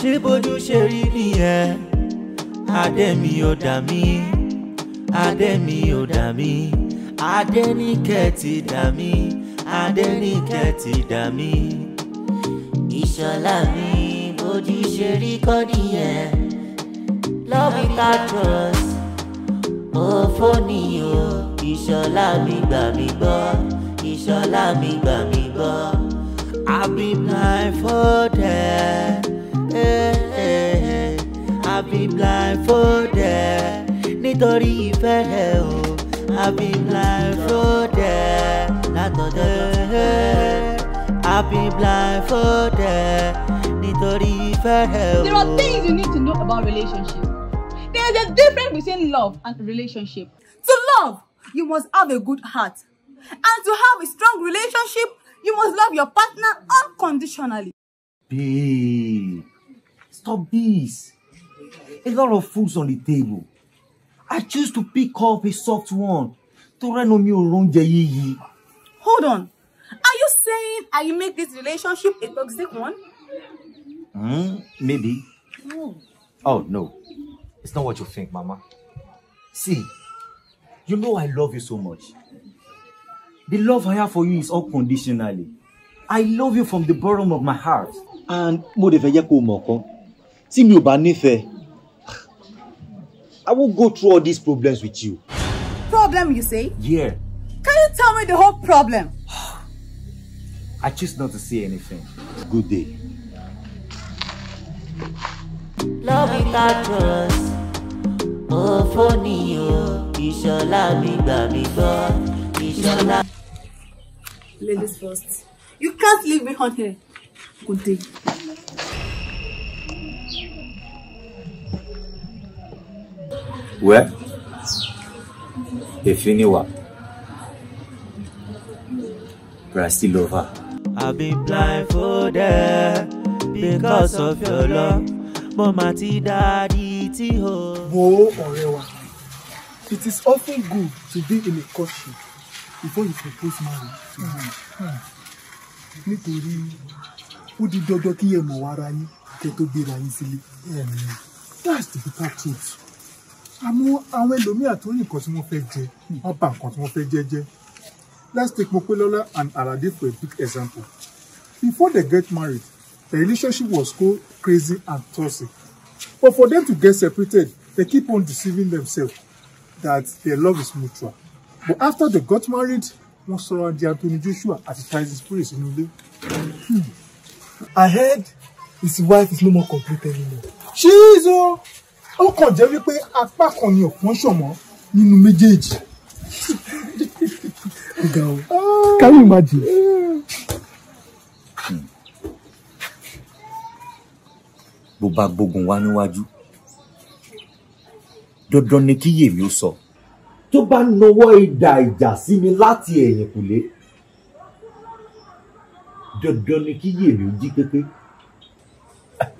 ṣé bójú ṣe rí nìyẹn adẹ́mi ò dà mí adẹ́mi ò dà mí adẹ́nìkẹ́ ti dà mí adẹ́nìkẹ́ ti dà mí ìṣọ̀lá mi bójú ṣe rí kọ́ nìyẹn love without trust òfò nìyó ìṣọ̀lá mi gbà mí gbọ́ ìṣọ̀lá mi gbà mí gbọ́. I've been blindfolded. Eh, eh, eh. I be blindfolded nítorí ìfẹ́ rẹ̀ o I be blindfolded látọ̀dọ̀ rẹ̀ I be blindfolded nítorí ìfẹ́ rẹ̀ o. There are things you need to know about relationship. There is a difference between love and relationship. To love, you must have a good heart. And to have a strong relationship, you must love your partner unconditionally. Babe. Stop this. A lot of food's on the table. I choose to pick up a soft one. Hold on. Are you saying I make this relationship a toxic one? Hmm, maybe. Oh, no. It's not what you think, Mama. See, you know I love you so much. The love I have for you is unconditionally. I love you from the bottom of my heart. And tí mi ò bá nífẹ̀ẹ́ I will go through all these problems with you. Problem you say? Yeah. Can you tell me the whole problem? I choose not to say anything. Good day. Love without trust. Òfò ni o, ìṣọ̀lá mi gbà mí gbọ́, ìṣọ̀lá. Ladies first, you can't leave me on here. Good day. wɛ efiniwa Brastilova. I've been blindfolded because of your love mo ma ti dáadí tí o. wo ọ̀rẹ́ it is often good to be in a courtship before you propose marriage. nítorí ó di dandan kí ẹ mọ̀ ara yín kẹ́ tó gbéra yín sílé. that's the bitter truth àmọ́ àwọn ẹlòmíà tó ní nǹkan tí wọ́n fẹ́ jẹ wọ́n nǹkan tí wọ́n fẹ́ jẹ jẹ́ let's take Mopelola and Alade for a big example before they get married the relationship was go crazy and toxic but for them to get separated they keep on deceiving themselves that their love is mutual but after they got married wọ́n sọ̀rọ̀ di Anthony Joshua àti Tyson Fury sínú ilé. I hmm. heard his wife is no more complete anymore. She's o. Uh, ó kàn jẹ́ wípé apá kan ni ọ̀pọ̀ ṣọ̀mọ́ nínú méjèèjì. ọ̀gá o ah. can you imagine. bó bá gbógun wá níwájú dandan ni kí yèmí ó sọ. tó bá nawọ́ idà ìjà sí mi láti ẹ̀yìnkùlé dandan ni kí yèmí ó jí pépé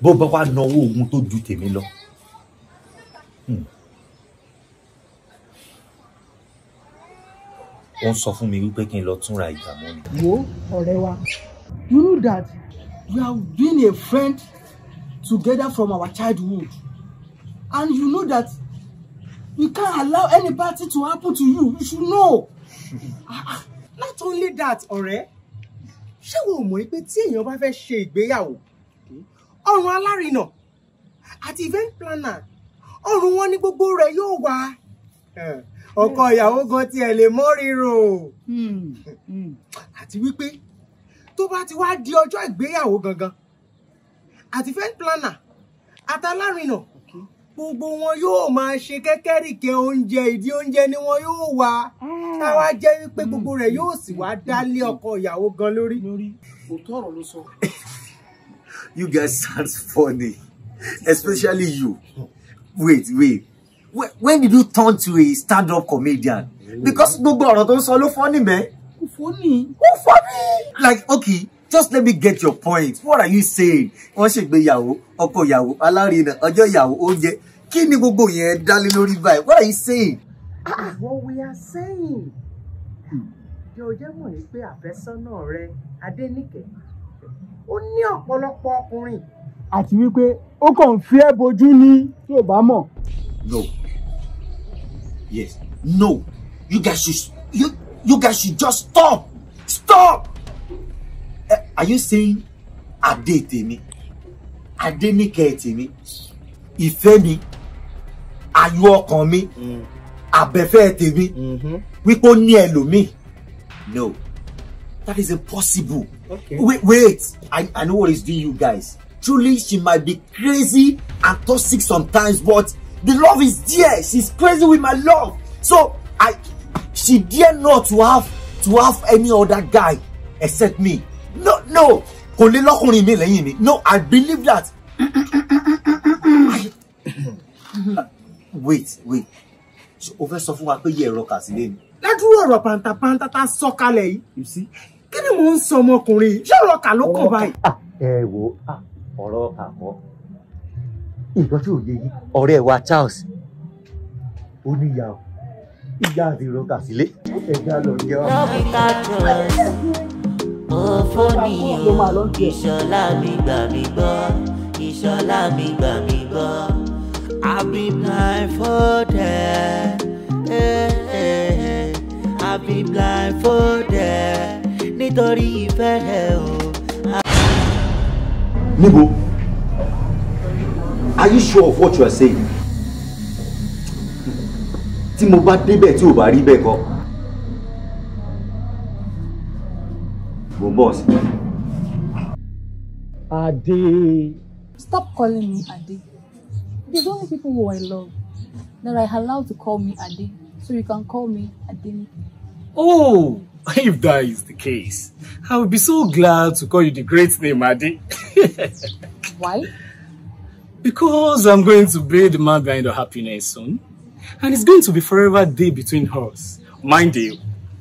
bó bá wá nawọ́ ogun tó ju tèmi lọ ó hmm. ń sọ fún mi wípé kí n lọ túnra ìdààmú ni. wo ọ̀rẹ́ wa you know that we have been a friend together from our childhood and you know that we can't allow any bad thing to happen to you you should know. Ah, ah. not only that ọ̀rẹ́ ṣé wo mọ̀ pé tí èèyàn bá fẹ́ ṣe ìgbéyàwó ọ̀run alárinà àti event planner ọrùn wọn ní gbogbo rẹ̀ yóò wá ọkọ ìyàwó gan tiẹ̀ lè mọ́ ríro hmm. àti wípé tó bá ti wá di ọjọ́ ìgbéyàwó gangan àti fẹ́ planner atalárinà gbogbo wọn yóò máa ṣe kẹ́kẹ́rìkẹ́ oúnjẹ ìdí oúnjẹ ni wọn yóò wá ah. táwa jẹ́ wípé hmm. gbogbo rẹ̀ yóò sì wá hmm. dálé ọkọ ìyàwó gan lórí. You guys sound funny especially you. wait wait when did you turn to a stand-up comedian oh. because gbogbo ọ̀rọ̀ tó ń sọ ló fọ́ níbẹ̀. kò fọ́ ni. kò fọ́ like okay just let me get your point what are you saying. wọ́n ṣègbéyàwó ọkọ ìyàwó alárinà ọjọ́ ìyàwó oúnjẹ kí ni gbogbo yẹn dálé lórí báyìí what are you saying. Ah, ah. what we are saying. ṣé o jẹ́ mọ̀ ní pé àfẹ́sọ́nà rẹ Adéníkẹ́ O ní ọ̀pọ̀lọpọ̀ ọkùnrin àti wípé ó kàn fi ẹ́ bojú ní tí ò bá mọ̀. no yes no you guys should you, you guys should just stop stop uh, are you saying adé tèmi adé níkẹ́ tèmi ìfẹ́ mi ayọ̀ ọkàn mi mm. abẹ́fẹ́ tèmi mm-hmm. wípé ó ní ẹlòmíì no that is impossible okay. wait wait I, I know what is doing you guys. Truly, she might be crazy and toxic sometimes, but the love is there. She's crazy with my love. So I she dare not to have to have any other guy except me. No, no. Kò lè lọ́kùnrin mi lẹ́yìn mi. No, I believe that. wait, wait. Ṣé o fẹ́ sọ fún wa pé yẹ ẹ̀rọ kà sílé ni? Ládùúrú ọ̀rọ̀ pàǹtàpàǹtà tá a sọ kalẹ̀ yìí. Kí ni mò ń sọ ọmọkùnrin? Ṣé ọ̀rọ̀ kà ló kàn báyìí? Ẹ ah, eh, wo, ah ọ̀rọ̀ àkọ́ nǹkan tí ò yé yín ọ̀rẹ́ wa Charles ó ní ìyá o ìyá àti ìrọ̀kà sílé ẹ̀já lọ jẹ́ wa. dókítà Charles òfò ní ìṣọ̀lá mi gbà mí gbọ́ ìṣọ̀lá mi gbà mí gbọ́ I've been blindfolded eh, eh, eh. I've been blindfolded nítorí ìfẹ́ o. Nibo, are you sure of what you are saying? Tí mo bá débẹ̀ tí ò bá rí bẹ́ẹ̀ kọ́. Mo bọ̀ Ade. Stop calling me Ade. There's only people who I love that I allow to call me Ade, so you can call me Ade. Oh! If that is the case, I will be so glad to call you the great name, Adi. Why? Because I'm going to be the man behind your happiness soon. And it's going to be forever day between us. Mind you,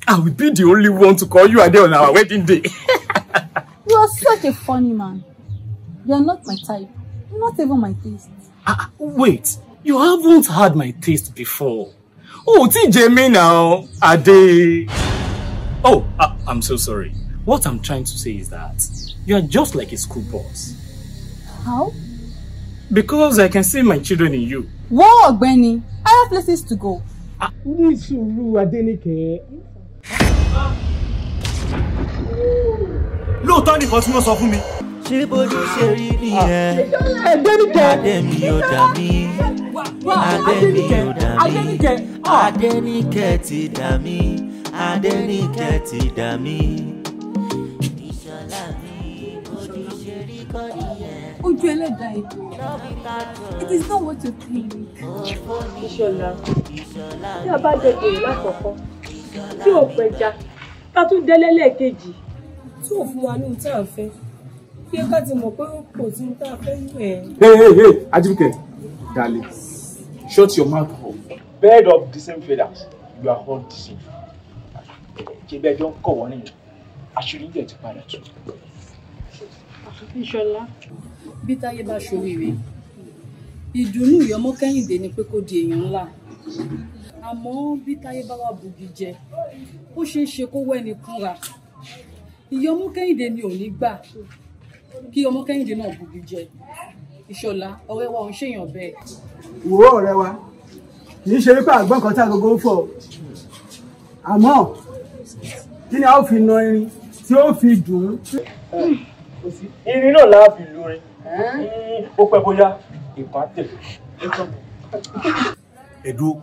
I will be the only one to call you Adi on our wedding day. you are such a funny man. You are not my type. Not even my taste. Ah, ah, wait, you haven't had my taste before. Oh, TJ me now, Adi. Oh, I, uh, I'm so sorry. What I'm trying to say is that you are just like a school boss. How? Because I can see my children in you. Whoa, Benny. I have places to go. Ah. Ní sùúrù Adéníkẹ́. Lóòótọ́ nìkan tí wọ́n sọ fún mi. Ṣé bójú ṣe rí nìyẹn? Adéníkẹ́. Adémi ò dà mí. Adémi ò dà mí. Adéníkẹ́ ah. ti dà mí. Adéníkẹ́ ti dà mí. Ìṣọ̀lá mi ojú ṣe rí kọ́ nìyẹn. Ojú ẹlẹ́dàá ìbò. It is not what you think. Ìṣọ̀lá tí a bá jẹ gbèrè lákọ̀ọ́kọ́ tí ò pẹja ká tún délé lẹ́ẹ̀kejì tí ò fún wa ní ohun tí kí ká ti mọ̀ pé kò sí ohun tá a fẹ́ nù Hey hey hey Ajibike darling shut your mouth up. of the same feathers you are all the same ṣe bí ẹjọ́ ń kọ̀ wọ́n nìyẹn àṣírí ìjẹ́ ti padà tù. ìṣọlá bí táyé bá ṣoríire ìdùnnú ìyọmọ kẹ́hìndé ni pé kó di èèyàn ńlá àmọ́ bí táyé bá wà bugi jẹ ó ṣeé ṣe kó wẹ́ni kúnra ìyọmọ kẹ́hìndé ni ò ní gbà kí ọmọ kẹ́hìndé náà bugi jẹ ìṣọlá ọ̀rẹ́ wa ò ń ṣèyàn bẹ́ẹ̀. wò ó ọ̀rẹ́ wa kì í ṣe wípé àgbọ̀n kan tá a gbogbo ń fọ̀ àmọ́ kí ni a ó fi na irin tí ó fi dùn ún. irin náà la fi lu irin ó pẹ́ bóyá ìbá tẹ̀lé. ẹ̀dù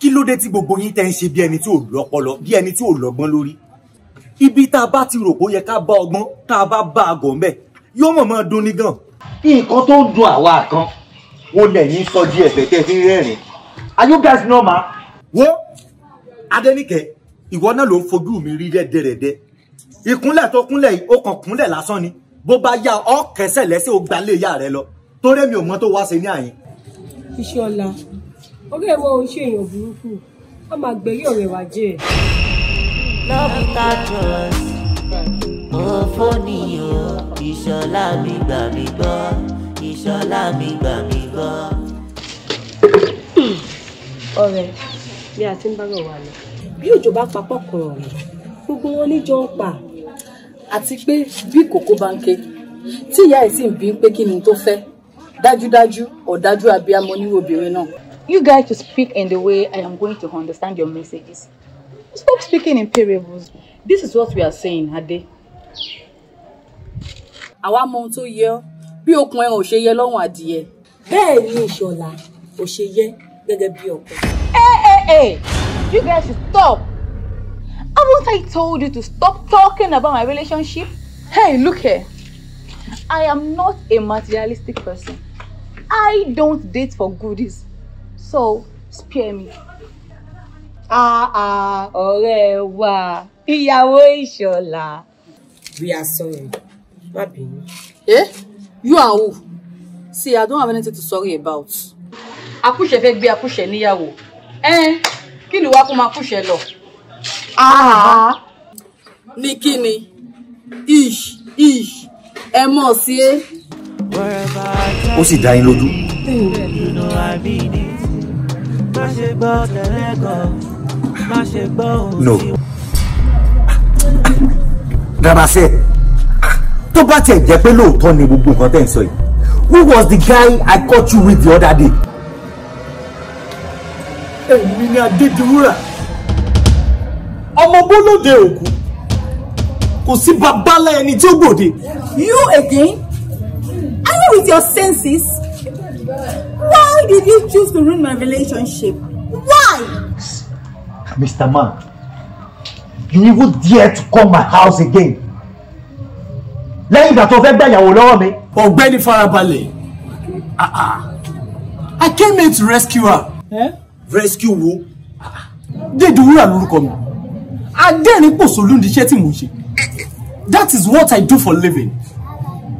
kí ló dé tí gbogbo yín tẹ́ ń ṣe bí ẹni tí ò lọ́pọlọ bí ẹni tí ò lọ́gbọ́n lórí ibi tá a bá ti rò ó yẹ ká bá ọgbọ́n tá a bá bá àgọ́ ń bẹ̀ yóò mọ̀ mọ́ dùn ní gan. nǹkan tó ń dùn àwa kan wọn lẹ́yìn sọ díẹ̀ bẹ̀tẹ̀ fi rẹ́rìn-ín are you guys normal. wo Adéníkẹ́ ìwọ náà ló ń fojú mi rí rẹ́dẹ̀rẹ́dẹ́ ìkúnlẹ̀ tó kúnlẹ̀ yìí ó kàn kúnlẹ̀ lásán ni bó bá yá ọ kẹsẹ̀ lẹ́sẹ̀ ó gbalé ìyá rẹ lọ torí mi ò mọ tó wá ṣe ní àyín. iṣẹ́ ọ̀la orí ẹ̀wọ̀ ò ṣe èèyàn burúkú a máa gbẹ̀rí ọ̀rẹ́ wa jẹ́ ẹ̀. love without trust òfò nìyẹn ìṣọ̀lá mi gbà mí gbọ́ ìṣọ̀lá mi gbà mí gbọ́. ọ̀rẹ́ bí a ń bá rọ̀ wà lọ bí òjò bá pa pọ̀kọ̀rọ̀ rẹ̀ gbogbo wọn níjọ ń pa àti pé bí kòkó bá ń ké tí ìyá ẹ̀ sì ń bí pé kí ni tó fẹ́ dájúdájú ọ̀dájú abiyamọ ní obìnrin náà. You guys should speak in the way I am going to understand your messages. Stop speaking in parables. This is what we are saying, Ade. Àwa mọ ohun tó yẹ ọ́ bí okùn ẹran ò ṣe yẹ lọ́rùn adìyẹ. Bẹ́ẹ̀ ni Ìṣọ̀lá ò ṣe yẹ gẹ́gẹ́ bí ọkọ. Ẹ ẹ ẹ! You guys should stop. Haven't I told you to stop talking about my relationship? Hey, look here. I am not a materialistic person. I don't date for goodies. So, spare me. Ah, ah, ọ̀rẹ́ wa, ìyàwó We are sorry. Babi. Eh? You are who? See, I don't have anything to sorry about. Akúṣe fẹ́ gbé akúṣe níyàwó. Eh? kí ni wàá kó máa kúṣẹ lọ. ní kí ni ish ish ẹ mọ̀ sí é. ó sì dá yín lójú. no rabasẹ tó bá tiẹ̀ jẹ́ pé lóòótọ́ ni gbogbo nǹkan tẹ̀ ń sọ yìí who was the guy I caught you with the other day èmi ni adédiwúrà ọmọ bólóde òkú kò sí babalá ẹni tí ó gbòde. you again are you with your senses why did you choose to ruin my relationship why. mr man you even dare to come my house again lẹ́yìn ìgbà tó fẹ́ gbẹ̀yàwó lọ́wọ́ mi. ọ̀gbẹ́ni farabalẹ̀ ah, ah. i came here to rescue her. Eh? rescue wo. dédé wúrà lórúkọ mi adẹ́rìn pòṣónú ni iṣẹ́ tí mò ń ṣe that is what i do for living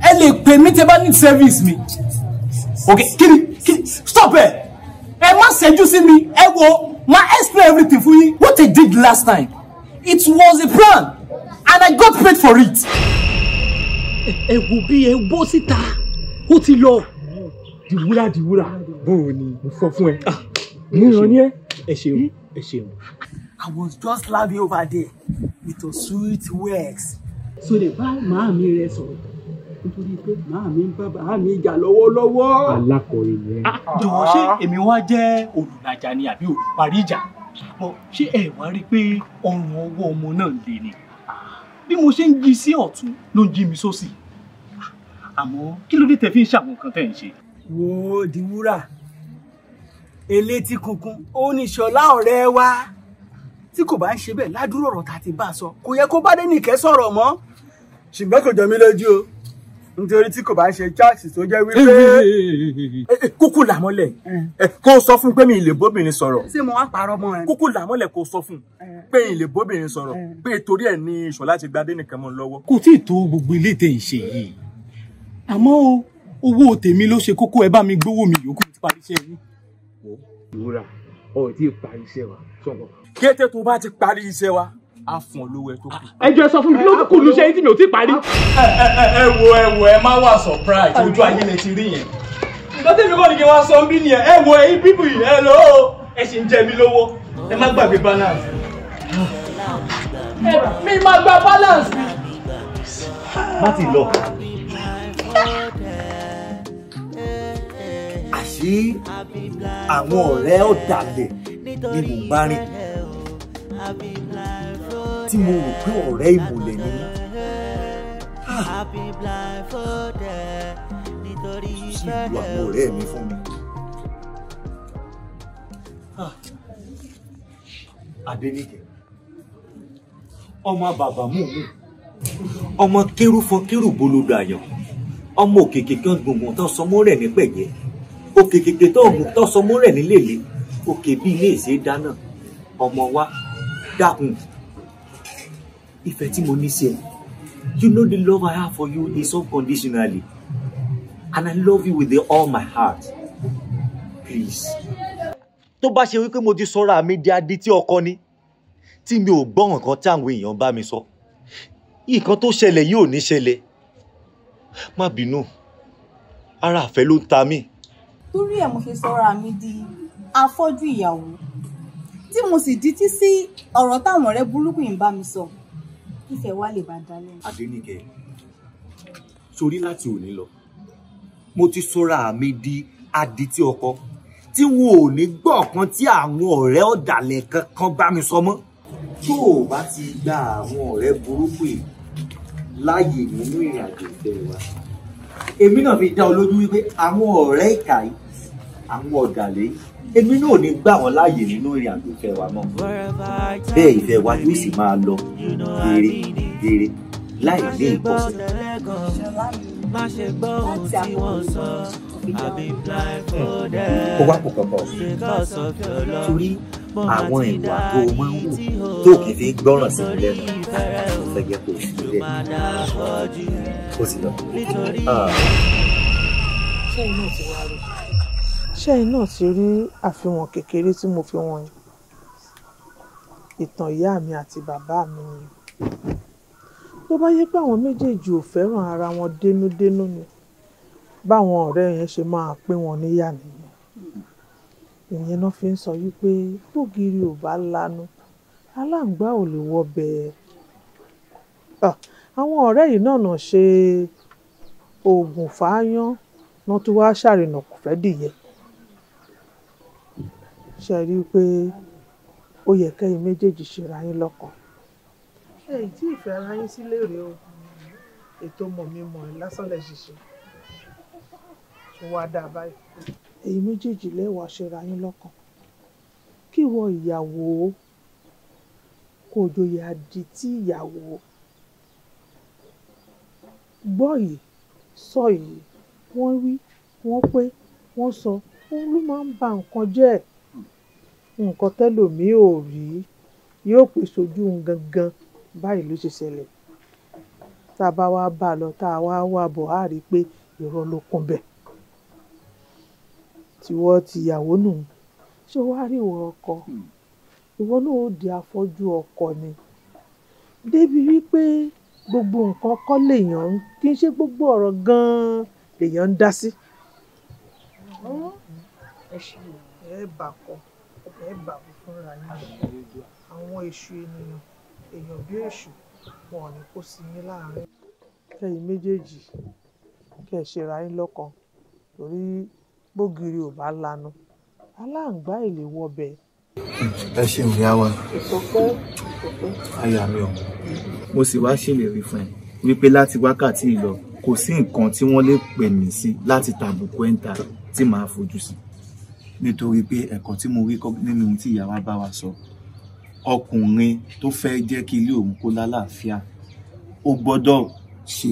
ẹ lè pè mí tẹ́ bá ní service mi ok kiri kiri stop ẹ ẹ má ṣẹ́jú sí mi ẹ wo ma explain everything for you. what i did last time it was a plan and i got paid for it. ẹ wo bí ẹ bọ́ síta ó ti lọ. diwúrà diwúrà bó o ní mo sọ fún ẹ. Ah ìran ni ẹ. ẹ ṣeun ẹ ṣeun. I was just laughing over there with your sweet words. so lè bá màámi rẹ sọ̀rọ̀ nítorí pé màámi ń bá màámi ìjà lọ́wọ́lọ́wọ́. alákọ̀ọ́yẹ yẹn. jọ̀wọ́ ṣé èmi wá jẹ́ olùlàjà ni àbí olùparí ìjà bọ̀ ṣé ẹ wá rí i pé ọrùn ọwọ́ ọmọ náà lè ní. bí mo ṣe ń jí sí ọ̀tún ló ń jí mi sósì àmọ́ kí ló dé tẹ fi ń ṣàwọn nǹkan tẹ̀ ń ṣe. wo di wúrà elétí kunkun ó ní ṣọlá ọ̀rẹ́ wa tí kò bá ń ṣe bẹ́ẹ̀ ládùúrò ọ̀rọ̀ tá a ti bá a sọ kò yẹ kó bá Dénìkẹ́ sọ̀rọ̀ mọ́ ṣùgbọ́n kò jọ mí lójú o nítorí tí kò bá ń ṣe charles tó jẹ́ wípé. Eh, eh, kúkú làmọ́lẹ̀ eh. kó sọ fún pé mi ì lè bóbìnrin sọ̀rọ̀. ṣé mo wá parọ́ mọ́ ẹ. kúkú làmọ́lẹ̀ kó sọ fún pé ì lè bóbìnrin sọ̀rọ̀ pé torí ẹ̀ ní ìṣọ̀lá ti gba Dénìkẹ́ mọ́ lọ́wọ́. kò tí ì tó gbogbo ilé tẹ̀ ń ṣe yìí àmọ́ owó tèmi ló ṣe kókó ẹ bá mi gbówó mi yòókù ti parí iṣẹ́ ìwúra ọ̀ tí ì parí iṣẹ́ wa sọ̀rọ̀. kété tó bá ti parí iṣẹ́ wa a fún ọ lówó ẹ tó kù. ẹ jọ̀ọ́ sọ fún mi kí ló kù ní iṣẹ́ yín tí mi ò tí parí. ẹ ẹ wo ẹ wo ẹ má wà surprise ojú ayé lè ti rí yẹn. lọ́tẹ̀ mi kọ́ ni kí wọ́n sọ bí nìyẹn ẹ wo ẹyin bíbù yìí ẹ lọ ẹ sì ń jẹ mí lówó ẹ má gbàgbé balance. mi má gba balance. má ti lọ. àṣé àwọn ọ̀rẹ́ ọ̀dàlẹ̀ ni mò ń bá rìn tí mo rò pé ọ̀rẹ́ ìmùlẹ̀ ni mí. sí ah. ìlú àwọn ọ̀rẹ́ mi fún mi. Ah. Adéníkẹ́ ọmọ bàbá mùmù ọmọ kérúfọ kérúbolodò àyàn ọmọ òkèké kan gbòǹgbò tán sọmọ rẹ̀ ní pẹ̀jẹ́ òkè kékeré tó ògùn tó sọmọ rẹ̀ nílèlè òkè bí ilé ìṣe dáná ọmọ wa dákun ìfẹ́ tí mo ní sí ẹ you know the love I have for you is unconditionally and I love you with the, all my heart please. tó bá ṣe wípé mo ti sọra mi di adi tí ọkọ ni tí mi ò gbọ́ nǹkan tí àwọn èèyàn bá mi sọ nǹkan tó ṣẹlẹ̀ yìí ní ṣẹlẹ̀ má bínú ara àfẹ́ ló ń ta mí torí ẹ̀ mo ṣe sọra mi di afọ́jú ìyàwó tí mo sì dítí sí ọ̀rọ̀ táwọn ọ̀rẹ́ burúkú yìí ń bá mi sọ ìfẹ́ wa lè bá dá lẹ́yìn. Adéníkẹ́ sórí láti òní lọ mo ti sọra mi di adití ọkọ tí wọn ò ní gbọ́ ọ̀kan tí àwọn ọ̀rẹ́ ọ̀dàlẹ̀ kankan bá mi sọ mọ́. tó o bá ti gba àwọn ọ̀rẹ́ burúkú yìí láàyè nínú ìrìn ìfẹ́ wa èmi náà fi dá ọ lójú wípé àwọn ọ̀rẹ́ ìkà yìí àwọn ọ̀dàlẹ̀ èmi náà ò ní gbà wọ́n láàyè nínú ìrìn àjò ìfẹ́ wa mọ́ bẹ́ẹ̀ ìfẹ́ wa yóò sì máa lọ geere geere láì ní ìkọsẹ̀. kó hmm. wá kó kankan torí àwọn ìwà tó o máa ń wò tó kì fi gbọ́ràn sí ilé náà fẹ́ jẹ́ kó o fi lẹ̀ ó ah. ti lọ. ṣẹ́yìn náà ti rí àfihàn kékeré tí mo fi wọ̀nyí ìtàn ìyá mi àti bàbá mi ni tó bá yẹ pé àwọn méjèèjì ò fẹ́ràn ara wọn dénúdénú ni báwọn ọ̀rẹ́ yẹn ṣe máa pín wọn níyà nìyẹn ìyẹn náà fi ń sọ wípé bógiri ò bá lanu aláǹgbá ò lè wọbẹ̀ ẹ̀ ah, àwọn ọ̀rẹ́ yìí náà náà ṣe oògùn fàáyán náà tó wá ṣàrìnà kò fẹ́ dìyẹ ṣe rí i pé ó yẹ kẹ́yìn méjèèjì ṣera yín lọ́kàn. ẹ̀yìn tí ìfẹ́ ara yín sílé rèé o ètò mọ̀mímọ̀ ẹ̀ lásán lẹ̀ ṣiṣẹ́ ṣe wá dáa báyìí. ẹ̀yìn méjèèjì lẹ́wàá ṣera yín lọ́kàn kí wọ́n ìyàwó kó joyè adití ìyàwó gbọ́ yìí sọ yìí wọ́n wí wọ́n pé wọ́n sọ òun ló máa ń ba nǹkan jẹ́ nǹkan tẹ́lòmíì ò rí yóò pè sójú gangan báyìí ló ṣe ṣẹlẹ̀ tá a bá wá bá a lọ tá a wá wá bọ̀ á rí i pé irọ́ ló kún bẹ̀ tiwọ́ tìyàwó nù ṣé wàá rí ìwọ ọkọ ìwọ náà ó di afọ́jú ọkọ ni débi wípé gbogbo nǹkan kọ́ lèèyàn kì í ṣe gbogbo ọ̀rọ̀ gan-an lèèyàn ń dá sí. ẹ ṣe ẹ bà kọ ẹ bà kọ fúnra yín àwọn èṣù ènìyàn èèyàn bí èṣù wọn ò ní kó sí yín láàárín. kẹ́yìn méjèèjì kẹ́ ẹ ṣera yín lọ́kan torí bógiri ò bá lanu aláǹgbá èlé wọbẹ̀. ẹ ṣeun ìyá wa àyà mi ò mo sì wá ṣèlérí fún ẹ wípé láti wákàtí ìlọ kò sí nǹkan tí wọ́n lè pè mí sí láti tàbùkù ẹńtà tí màá fojú sí nítorí pé ẹ̀kọ́ tí mo rí nínú ohun tí ìyá wa bá wa sọ ọkùnrin tó fẹ́ jẹ́ kí ilé òun kó lálàáfíà ó gbọ́dọ̀ ṣe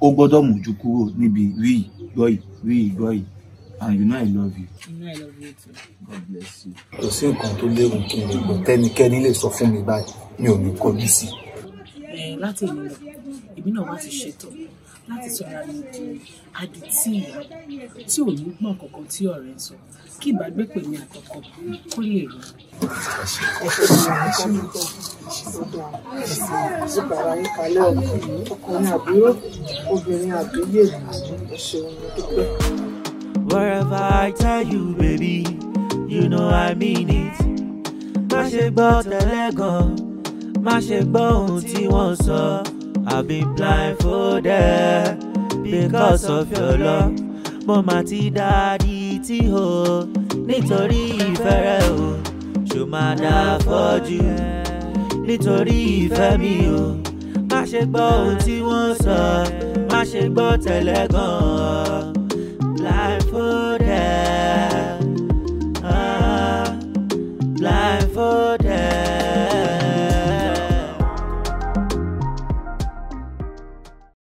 ó gbọ́dọ̀ mójú kúrò níbi rí ìgbọ́ yìí rí ìgbọ́ yìí and you know I love you. You know I love you too. God bless you. kò sí nǹkan tó léwu kí n lè gbọ́ tẹ́nikẹ́ni lè sọ fún mi báyìí mi ò ní kọjú sí i. Eh, láti ìlú èmi náà wá ti ṣètò láti sọra mi di adití ìyá tí ò ní gbọ́n kankan tí ọ̀rẹ́ sọ kí ìbágbé pè mí àtọkọ kó lè rí. Wherever I tell you, baby, you know I mean it. Má ṣe gbọ́ tẹ́lẹ̀ gan má ṣe gbọ́ ohun tí wọ́n sọ I've been blindfolded because of your love mo mà ti dáadí tí o nítorí ìfẹ́ rẹ o ṣò máa dá fọ́jú nítorí ìfẹ́ mi o má ṣe gbọ́ ohun tí wọ́n sọ má ṣe gbọ́ tẹ̀lé gan-an.